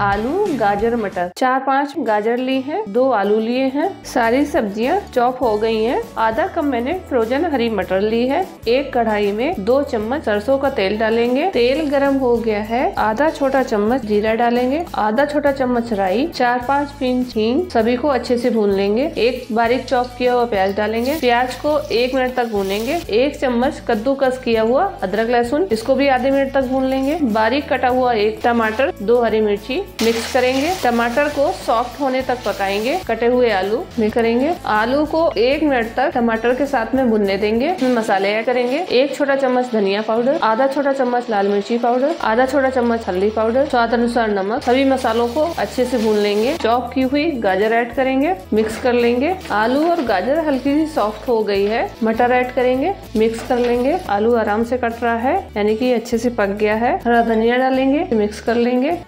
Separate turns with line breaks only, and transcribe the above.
आलू गाजर मटर चार पाँच गाजर ली है दो आलू लिए हैं सारी सब्जियां चॉप हो गई हैं आधा कप मैंने फ्रोजन हरी मटर ली है एक कढ़ाई में दो चम्मच सरसों का तेल डालेंगे तेल गरम हो गया है आधा छोटा चम्मच जीरा डालेंगे आधा छोटा चम्मच राई चार पाँच पिंच हींग सभी को अच्छे से भून लेंगे एक बारीक चॉप किया हुआ प्याज डालेंगे प्याज को एक मिनट तक भूनेंगे एक चम्मच कद्दूकस किया हुआ अदरक लहसुन इसको भी आधे मिनट तक भून लेंगे बारीक कटा हुआ एक टमाटर दो हरी मिर्ची मिक्स करेंगे टमाटर को सॉफ्ट होने तक पकाएंगे कटे हुए आलू मिक्स करेंगे आलू को एक मिनट तक टमाटर के साथ में भुनने देंगे मसाले ऐड करेंगे एक छोटा चम्मच धनिया पाउडर आधा छोटा चम्मच लाल मिर्ची पाउडर आधा छोटा चम्मच हल्दी पाउडर स्वाद अनुसार नमक सभी मसालों को अच्छे से भून लेंगे चॉप की हुई गाजर ऐड करेंगे मिक्स कर लेंगे आलू और गाजर हल्की सी सॉफ्ट हो गई है मटर ऐड करेंगे मिक्स कर लेंगे आलू आराम से कट रहा है यानी कि अच्छे से पक गया है हरा धनिया डालेंगे मिक्स कर लेंगे